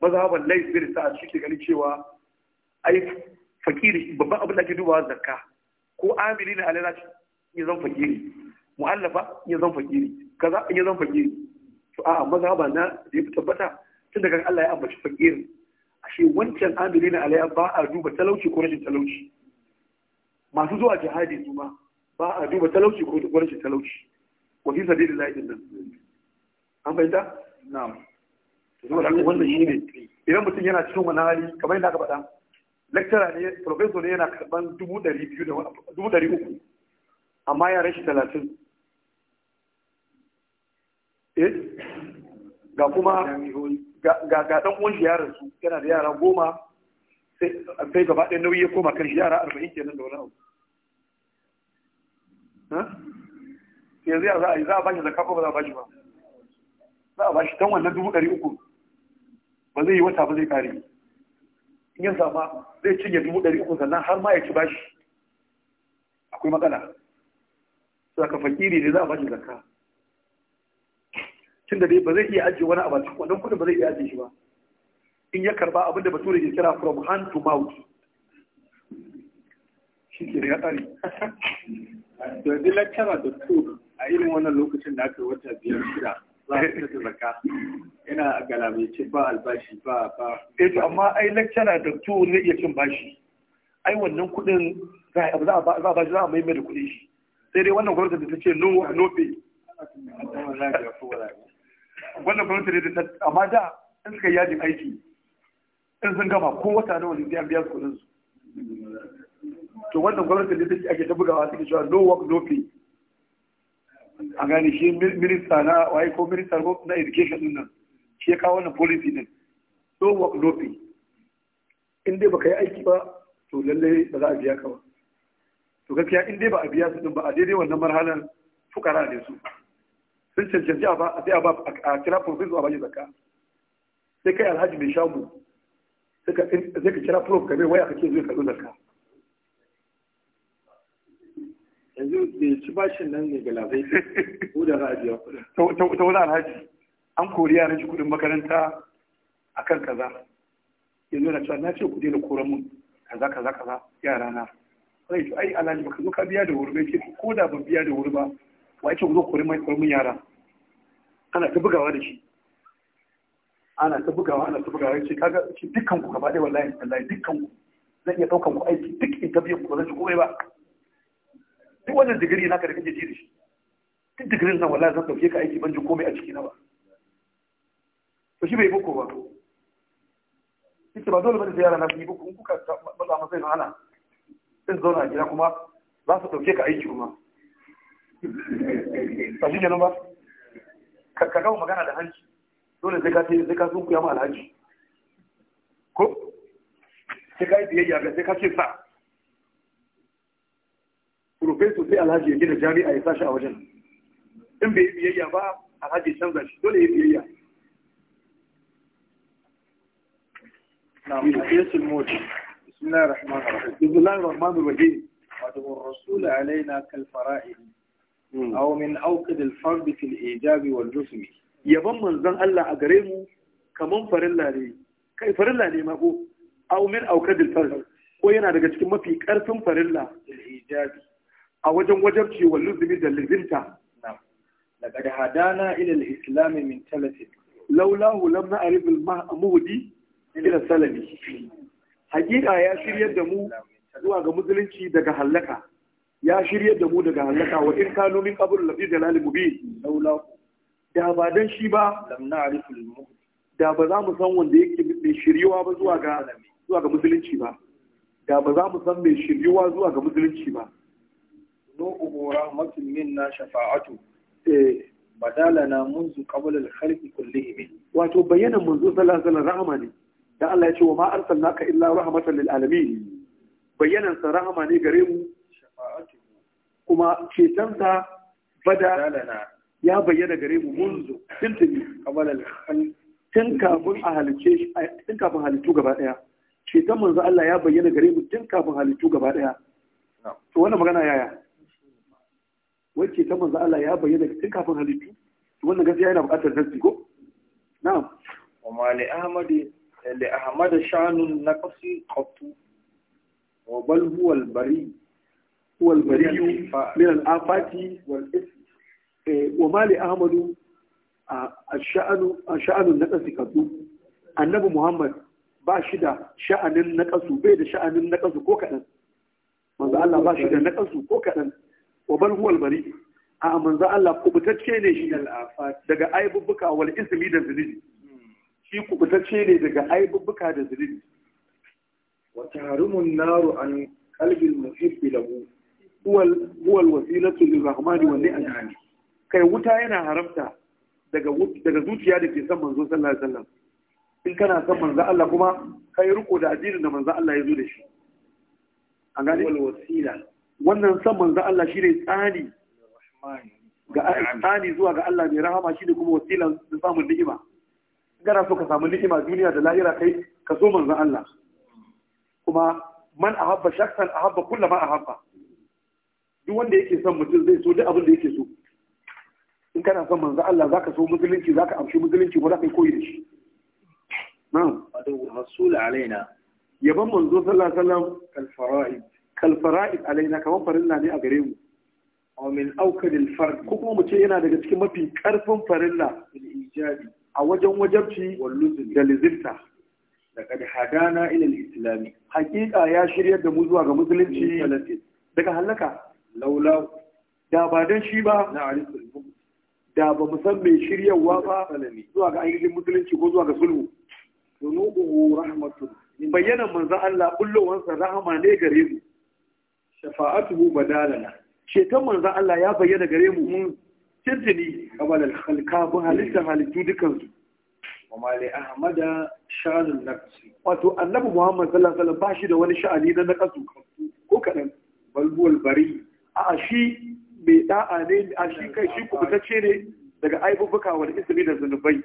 mazhaban lai zai sa'ad shi ke gani cewa ai fakiri babban abin da ke dubawa zakka ko amili ne alala ya zan fakiri mu'allafa ya zan fakiri kaza ya zan fakiri to a'a mazhaba na da tabbata tun daga Allah ya ambaci a ashe wancan na alayya ba a duba talauci ko rashin talauci masu zuwa jihadi su ma ba a duba talauci ko rashin talauci wa fi sabilillahi din nan an fahimta na'am wannan shi ne idan mutum yana cikin wani hali kamar yadda aka faɗa lecturer ne professor ne yana karban dubu biyu da dubu uku amma ya rashi talatin eh ga kuma ga ga dan uwan shi su yana da yara goma sai gaba ɗaya nauyi ya koma kan shi yara arba'in kenan da wani abu yanzu ya za a yi za a bashi zakka ba za a bashi ba za a bashi tan wannan dubu ɗari uku ba zai yi wata ba zai kare in yin sama zai cinye dubu ɗari uku sannan har ma ya ci bashi akwai matsala zaka fakiri ne za a bashi zakka tunda dai ba zai iya ajiye wani abu cikin wannan kudin ba zai iya ajiye shi ba in ya karba abinda bature ke kira from hand to mouth shi ke da tsari da duk lakcara da su a irin wannan lokacin da aka wata biyar shida za a fita zaka yana galabaice ba albashi ba ba eh amma ai lecturer da su zai iya cin bashi ai wannan kudin za a a za a mai mai da kudin shi sai dai wannan gwamnati ta ce no no pay wannan gwamnati ne da ta amma da in suka yajin aiki in sun gama ko wata nawa ne an biya su kuɗin su to wannan gwamnati ne take ake ta bugawa take cewa no work no pay a gane shi minista na waye ko minista na education din nan shi ya kawo wannan policy din no work no pay in dai baka yi aiki ba to lallai ba za a biya ka ba to gaskiya in dai ba a biya su din ba a daidai wannan marhalar fukara ne su sun cancanci a sai a kira profesor a bayan zakka sai kai alhaji mai shagu sai ka kira prof ka waya kake ce zai karɓi zakka yanzu da ci bashin nan ne galabai ko da rajiya ta wani alhaji an kori yaran shi kudin makaranta kan kaza yanzu na cewa na ce ku na koran mun kaza kaza kaza yara na ai alhaji ka zo ka biya da wuri ba ko da ban biya da wuri ba wa yake zo kuri mai kurmin yara ana ta bugawa da shi ana ta bugawa ana ta bugawa ce kaga shi dukkan ku gaba ɗaya wallahi wallahi dukkan ku zan iya daukan ku aiki duk in interview ku ba zan ci komai ba duk wannan digiri naka da kake ji da shi duk digirin nan wallahi zan dauke ka aiki ban ji komai a ciki na ba to shi bai boko ba ita ba dole bane sai yara na yi boko in kuka matsa masa yana ana sai zauna a gida kuma za su dauke ka aiki kuma ba shi kenan ba ka gama magana da hanci dole sai ka sai ka sunkuya ma alhaji ko sai ka yi biyayya ga sai ka ce sa profeso sai alhaji ya gina jami'a ya sashi a wajen in bai yi biyayya ba alhaji ya canza shi dole ya yi biyayya نعم حديث الموت بسم الله الرحمن الرحيم بسم الله الرحمن الرحيم وادعو الرسول علينا كالفرائض Hmm. aw min awqid al-fard fi al-ijab wal jism manzon Allah a gare mu kaman farilla ne kai farilla ne ma ko aw min ko yana daga cikin mafi ƙarfin farilla al-ijab a wajen luzumi da lizinta لقد هدانا إلى الإسلام من ثلاث لولاه لم نعرف المهدي إلى سلمي حقيقة يا شير يدمو zuwa ga musulunci daga hallaka ya shirya da mu daga halaka wa in kanu min qabl lafi dalal mubin laula da ba dan shi ba lam na'rifu lil da ba za mu san wanda yake mai shiryewa ba zuwa ga zuwa ga musulunci ba da ba za mu san mai shiryewa zuwa ga musulunci ba nu'uhu min na shafa'atu eh badalana munzu qabla al-khalqi kullihim wato bayyana munzu sallallahu alaihi rahama ne da Allah ya ce wa ma arsalnaka illa rahmatan lil alamin hmm. bayyana sa rahama ne gare mu kuma cetonsa bada ya bayyana gare mu munzu tuntuni tun kafin a halice tun kafin halittu gaba daya cetan manzo Allah ya bayyana gare mu tun kafin halittu gaba daya to wannan magana yaya wai cetan manzo Allah ya bayyana tun kafin halittu to wannan gaskiya yana buƙatar nasi ko na'am wa li ahmad li ahmad shanun naqsi qattu wa bal huwa al bari هو eh, a من الآفات والإثم وما لأحمد الشأن شأن النقص كذوب النبي محمد ba shi da sha'anin naƙasu bai da sha'anin naƙasu ko kaɗan manzo Allah ba shi da naƙasu ko kaɗan wa bal huwal bari a manzo Allah kubutacce ne shi daga aibubbuka wal ismi da zunubi hmm. shi kubutacce ne daga aibubbuka da zunubi naru an huwal wasilatu lirrahmani wa ni'am kai wuta yana haramta daga zuciya da ke son manzo sallallahu alaihi wasallam in kana son manzo Allah kuma kai riko da addinin da manzo Allah ya zo da shi an gane wal wasila wannan son manzo Allah shine tsani ga tsani zuwa ga Allah mai rahama shine kuma wasilan samun ni'ima gara so ka samu ni'ima duniya da lahira kai ka so manzo Allah kuma man ahabba shakkan ahabba kullama ahabba duk wanda yake son mutum zai so duk abin da yake so in kana son manzo Allah zaka so musulunci zaka amshi musulunci ko zaka yi koyi da shi na'am adu rasul alaina yaban manzo sallallahu alaihi wasallam kal fara'id kal fara'id alaina kaman farilla ne a gare mu aw min awkad al fard ko kuma mu ce yana daga cikin mafi karfin farilla al ijabi a wajen wajabci wal luzum da lizinta laqad hadana ila al islami haqiqa ya shiryar da mu zuwa ga musulunci daga halaka laula da ba dan shi ba na arisul da ba mu san mai shiryawa ba zuwa ga ainihin musulunci ko zuwa ga sulhu zunubu rahmatun bayyana manzo Allah kullowansa rahama ne gare mu shafa'atuhu badalana shetan manzo Allah ya bayyana gare mu mun hmm. tintini qabala al-khalqa bu halitta halittu dukan su wa ahmada sha'anul naqsi wato annabi Muhammad sallallahu alaihi wasallam bashi da wani sha'ani na naqasu ko kadan balbuwal bari a shi mai da'a ne a shi kai shi kubutacce ne daga aibubuka wal ismi da zunubai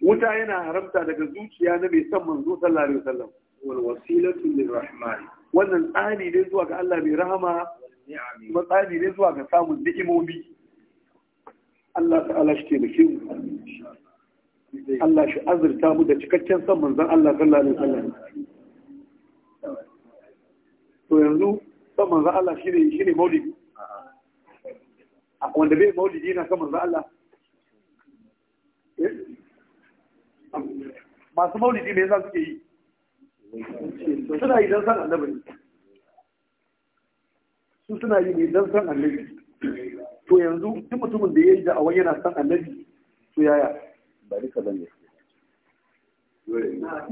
wuta yana haramta daga zuciya na mai son manzo sallallahu alaihi wasallam wal wasilatu lirrahman wannan tsani ne zuwa ga Allah mai rahama kuma tsani ne zuwa ga samun ni'imomi Allah ta'ala shi da mu Allah shi azurta mu da cikakken son manzon Allah sallallahu alaihi wasallam to yanzu san manzan Allah shi ne shi ne maulidi wanda bai maulidi na kan manzan Allah eh? masu maulidi ne za suke yi suna yi dan san annabi su suna yi ne don san annabi to yanzu duk mutumin da ya yi da'awa yana san annabi to yaya bari ka zan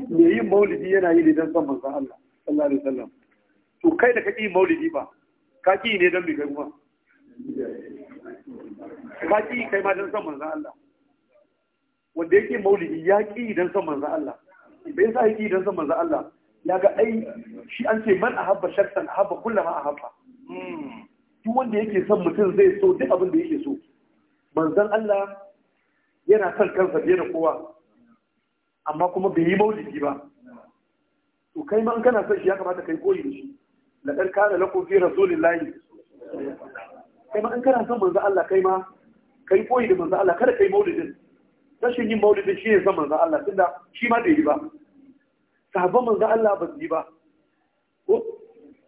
me yin maulidi yana yi ne dan san manzan Allah sallallahu alaihi wasallam to kai da kaki maulidi ba ka ki ne don kai kuma ka ki kai ma don san manzan Allah wanda yake maulidi ya ki don san manzan Allah bai sa yake don san manzan Allah ya ga ai shi an ce man ahabba shaksan ahabba kullama ahabba duk wanda yake son mutum zai so duk abin da yake so manzan Allah yana son kansa fiye da kowa amma kuma bai yi maulidi ba to kai ma kana son shi ya kamata kai koyi da shi laqad kana lakum fi rasulillahi kai ma in kana son manzo Allah kai ma kai koyi da manzo Allah kada kai maulidin rashin yin maulidin shi ne san manzo Allah tunda shi ma bai yi ba sahabban manzo Allah ba su yi ba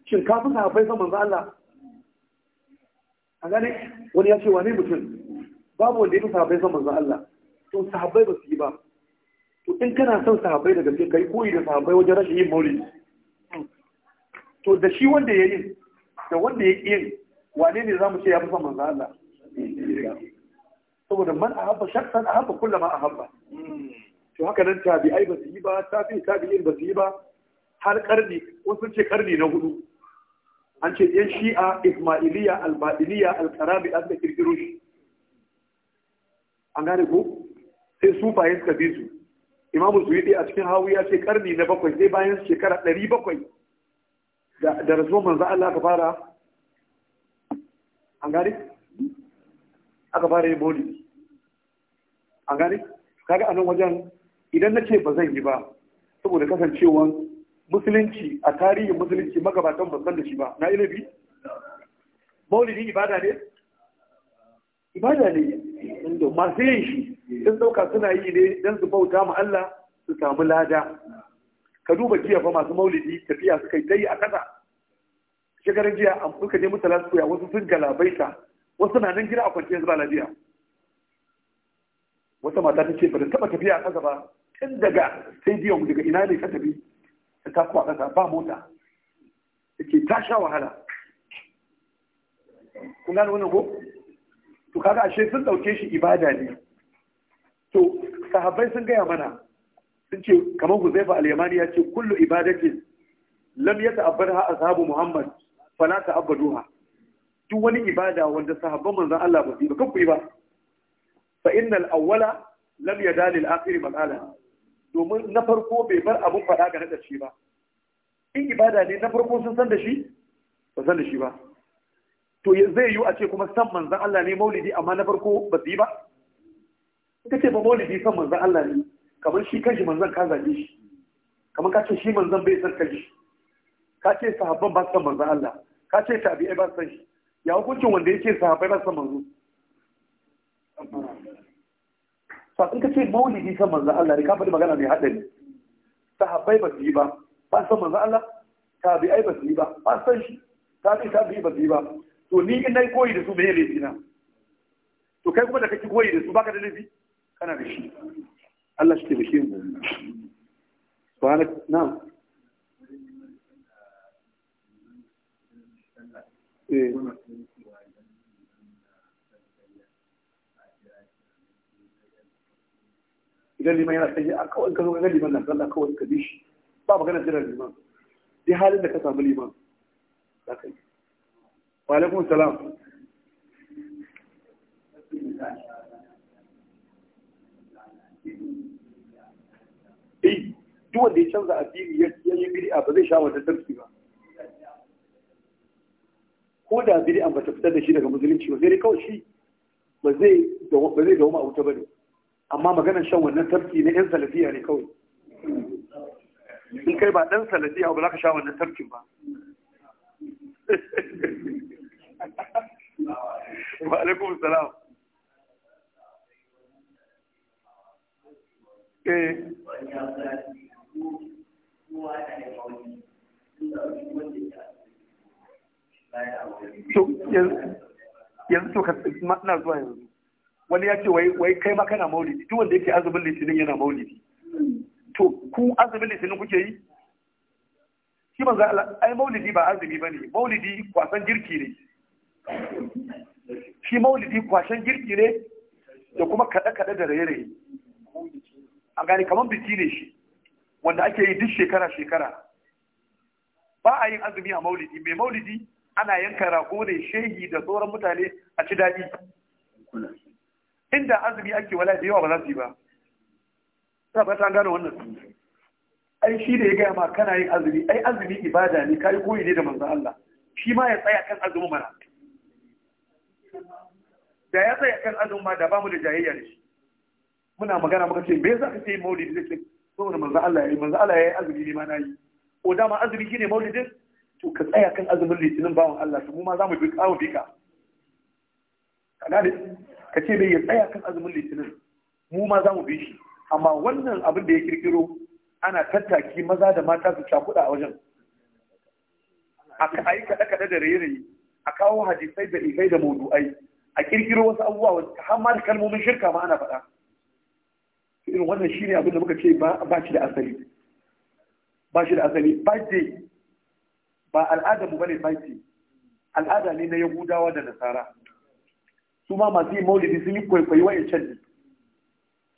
shin ka fi sahabbai san manzo Allah a gane wani ya ce wane mutum babu wanda ya fi sahabbai san manzo Allah to sahabbai ba su yi ba to in kana son sahabbai da gaske kai koyi da sahabbai wajen rashin yin maulidi to da shi wanda ya yi da wanda ya ƙi wane ne za mu ce ya fi saman zala saboda man a haɓa shaksan a haɓa kullum a haɓa to haka nan ai ba su yi ba tabi yin ba su yi ba har karni wasu ce karni na hudu an ce yan shi'a ismailiya albadiliya alkarabi an da kirkiro shi an gane ko sai sufaye suka bi su imamu zuwiɗi a cikin hawu ya ce karni na bakwai sai bayan shekara ɗari bakwai da rasuwan manzo Allah aka fara an gani? aka fara yin boli an gani? kaga a nan wajen idan na ce ba zan yi ba saboda kasancewan musulunci a tarihin musulunci magabatan ban san da shi ba na ilabi maulidi ibada ne ibada ne masu yin shi sun dauka suna yi ne don su bauta ma Allah su samu lada ka duba jiya fa masu maulidi tafiya suka yi dai a kasa shekarar jiya an kuka je mutala suya wasu sun galabaita wasu na nan gida a kwanciyar zuba lafiya wata mata ta ce ba ta tafiya a kasa ba tun daga sai biyan daga ina ne ka tafi ta tafi a kasa ba mota ta ce ta sha wahala kun gane wannan ko to kaga ashe sun ɗauke shi ibada ne to sahabbai sun gaya mana sun ce kamar Huzaifa al-Yamani ya ce kullu ibadatin lam yata'abbarha ashabu Muhammad fala ta'abbaduha duk wani ibada wanda sahabban manzon Allah ba su yi ba kanku yi ba fa innal awwala lam yadali al-akhir maqala domin na farko bai bar abun fada ga na ƙarshe ba in ibada ne na farko sun san da shi ba san da shi ba to zai yiwu a ce kuma san manzan Allah ne maulidi amma na farko ba su yi ba ka ce ba maulidi san manzan Allah ne kamar shi kanshi manzan ka zaɓe shi kamar ka ce shi manzan bai san kanshi ka ce sahabban ba san manzan Allah ka ce tabi'ai ba san shi ya hukuncin wanda yake sahabbai ba san manzo sa ka ce maulidi san manzan Allah ne ka faɗi magana mai haɗari sahabbai ba su yi ba ba san manzan Allah tabi'ai ba su yi ba ba san shi tabi'i tabi'i ba su yi ba to ni in nayi koyi da su me laifi na to kai kuma da kake koyi da su baka da laifi kana da shi Allah shi taimake mu subhanak na'am eh idan liman yana tsaye a kawai ka zo ga liman nan Allah kawai ka bi shi ba magana jiran liman dai halin da ka samu liman za ka yi wa alaikum salam duk wanda ya canza addini ya yi bid'a ba zai sha wannan darsi ba ko da bid'a ba ta fitar da shi daga musulunci ba sai dai kawai shi ba zai ba zai dawo ma wuta bane amma maganar shan wannan tarki na yan salafiya ne kawai in kai ba dan salafiya ba za ka sha wannan tafkin ba wa alaikum salam eh yanzu to na zuwa yanzu wani ya ce wai kai ma kana maulidi duk wanda yake azumin litinin yana maulidi to ku azumin litinin kuke yi shi manzo Allah ai maulidi ba azumi ne. maulidi kwasan girki ne shi maulidi kwasan girki ne da kuma kaɗe-kaɗe da raye-raye a gani kamar biki ne shi wanda ake yi duk shekara-shekara ba a yin azumi a maulidi mai maulidi ana yanka rago ne shehi da sauran mutane a ci daɗi inda azumi ake wala da yawa ba za su yi ba ta ba ta gano wannan ai shi da ya gaya ma kana yin azumi ai azumi ibada ne yi koyi ne da manzon Allah shi ma ya tsaya kan azumi mana da ya tsaya kan azumi ma da ba mu da jayayya da shi muna magana muka ce me yasa kace maulidi zai saboda manzo Allah yi manzo Allah yi azumi ne ma yi ko dama azumi shine maulidin to ka tsaya kan azumin litinin bawan Allah to mu ma zamu bi kawo bika kana ne ka ce bai ya tsaya kan azumin litinin mu ma zamu bi shi amma wannan abin da ya kirkiro ana tattaki maza da mata su cakuɗa a wajen a yi kaɗe-kaɗe da raye-raye a kawo hadisai da ifai da maudu'ai a kirkiro wasu abubuwa har ma da kalmomin shirka ma ana faɗa irin wannan ne abin da muka ce ba shi da asali ba shi da asali birthday ba al'ada mu bane birthday al'ada ne na yahudawa da nasara su ma masu yi maulidi sun yi kwaikwayi yancan ne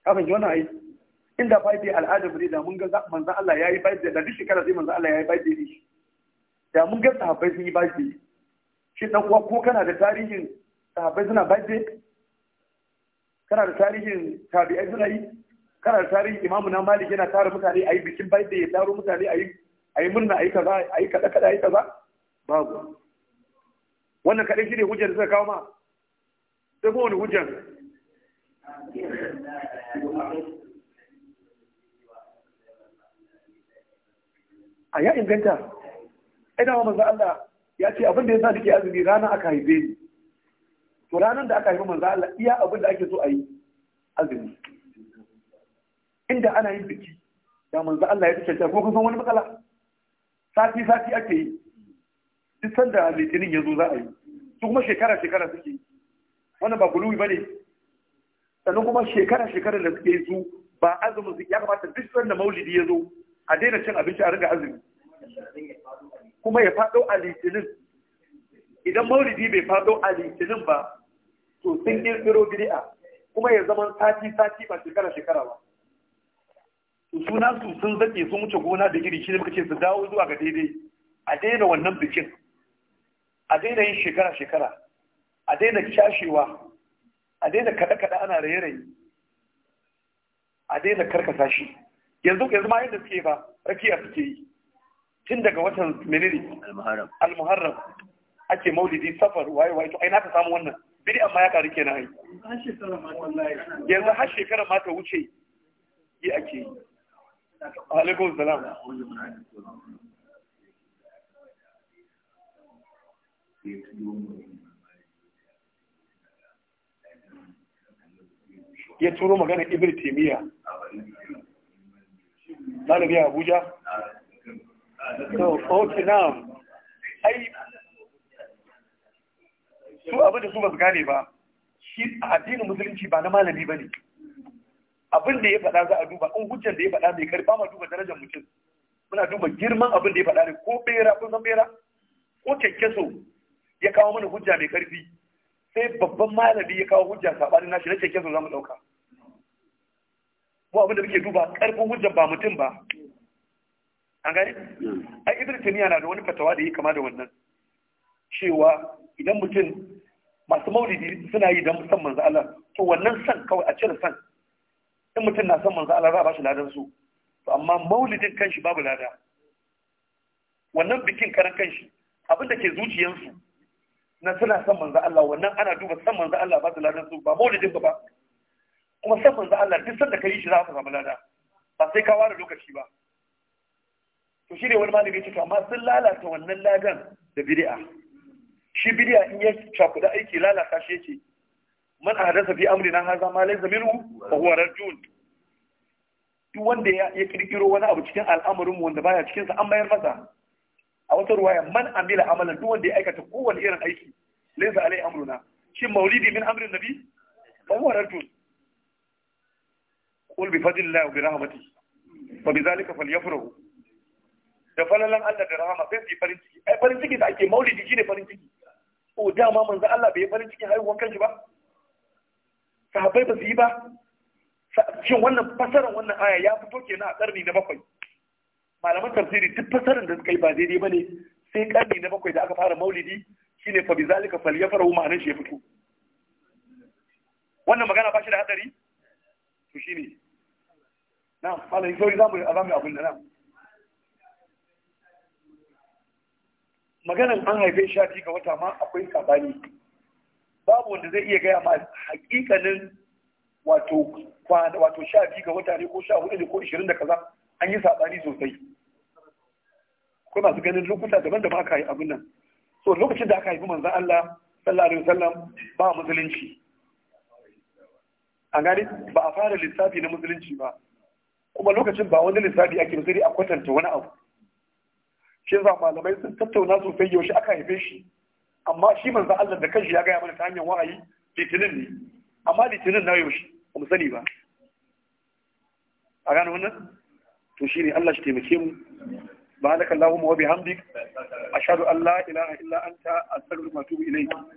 kafin ji wannan aiki inda birthday al'ada mu ne da mun ga manzan Allah ya yi birthday da duk shekara sai manzan Allah ya yi birthday ne da mun ga sahabbai sun yi birthday shi dan kuwa ko kana da tarihin sahabbai suna birthday kana da tarihin tabi'ai suna yi kana tarin imamu na malik yana tara mutane a yi bikin bai da ya taro mutane a yi murna a yi kaza a yi kada kada a yi kaza babu wannan kaɗai shi ne hujjar da suka kawo ma sai kuma wani hujjar a ya inganta ina wa manzo Allah ya ce abin da ya sa nake azumi rana aka haife ni to ranar da aka haife manzo Allah iya abin da ake so a yi azumi inda ana yin biki da manzo Allah ya fi kyauta ko kun san wani matsala sati sati ake yi duk sanda litinin ya zo za a yi su kuma shekara shekara suke yi wannan ba guluwi ba ne sannan kuma shekara shekara da suke yi su ba azumin su ya kamata duk sanda maulidi ya zo a daina cin abinci a riga azumi kuma ya faɗo a litinin idan maulidi bai faɗo a litinin ba to sun ƙirƙiro bid'a kuma ya zama sati sati ba shekara shekara ba suna su sun zaƙe sun wuce gona da iri shi ne muka ce su dawo zuwa ga daidai a daina wannan bikin a daina yin shekara-shekara a daina cashewa a daina kaɗe-kaɗe ana raye-raye a daina karkasa shi yanzu yanzu ma yadda suke ba rakiya suke yi tun daga watan menene almuharram ake maulidi safar waye waye to ai naka samu wannan bidi amma ya karu kenan ai yanzu har shekara ma ta wuce yi ake yi alaikum salam ya turo magana ibn taymiya malami a abuja ok na'am ai su abin da su ba su gane ba shi addinin musulunci ba na malami ba ne abin da ya faɗa za a duba in hujjar da ya faɗa mai karfi ba ma duba darajar mutum muna duba girman abin da ya faɗa ne ko bera ko san bera ko kyankyaso ya kawo mana hujja mai karfi sai babban malami ya kawo hujja na shi, na kyankyaso za mu ɗauka Ko abin da muke duba ƙarfin hujjar ba mutum ba an gani ai ibn taymiya na da wani fatawa da yi kama da wannan cewa idan mutum masu maulidi suna yi don musamman manzo Allah to wannan san kawai a cire san in mutum na son manzo Allah za a shi ladan su to amma maulidin kanshi babu lada wannan bikin karan kanshi abinda ke zuciyarsu na suna son manzo Allah wannan ana duba son manzo Allah ba su ladan su ba maulidin ba kuma son manzo Allah duk sanda kai shi za ka samu lada ba sai ka ware lokaci ba to shi ne wani malami ya ce amma sun lalata wannan ladan da bid'a shi bid'a in ya cakuda aiki lalata shi yake man ahdasa fi amrina haza ma laysa minhu fa huwa rajul duk wanda ya kirkiro wani abu cikin al'amarin mu wanda baya cikin sa an bayar masa a wata ruwaya man amila amalan duk wanda ya aikata kowanne irin aiki laysa alai amruna shin maulidi min amrin nabi fa huwa rajul qul bi fadlillahi wa bi rahmatihi fa bi zalika falyafrahu da falalan Allah da rahama sai su yi farin ciki ai farin ciki da ake maulidi shine farin ciki o dama manzo Allah bai farin ciki haihuwar kanshi ba sahabbai ba su yi ba shin wannan fasarin wannan aya ya fito na a karni na bakwai malaman tafsiri duk fasarin da suka yi ba daidai ne, sai karni na bakwai da aka fara maulidi shine fa bizalika falyafrahu ma'anar shi ya fito wannan magana ba shi da hadari to shine na malai sauri za mu azamu abin da na maganan an haife shafi ga wata ma akwai sabani babu wanda zai iya gaya ma hakikanin wato kwana wato sha biyu ga wata ne ko sha hudu ne ko ishirin da kaza an yi saɓani sosai akwai masu ganin lokuta daban da aka yi abin nan so lokacin da aka haifi manzan Allah sallallahu alaihi wasallam ba musulunci an gani ba a fara lissafi na musulunci ba kuma lokacin ba wani lissafi ake musulunci a kwatanta wani abu shi yasa malamai sun tattauna sosai yaushe aka haife shi amma shi manzo Allah da kanshi ya gaya mana ta hanyar wa'ayi litinin ne amma litinin na yaushe ba mu sani ba a gano wannan to shi ne Allah shi taimake mu ba halaka Allahumma wa bihamdik ashhadu an la ilaha illa anta astaghfiruka wa atubu ilayk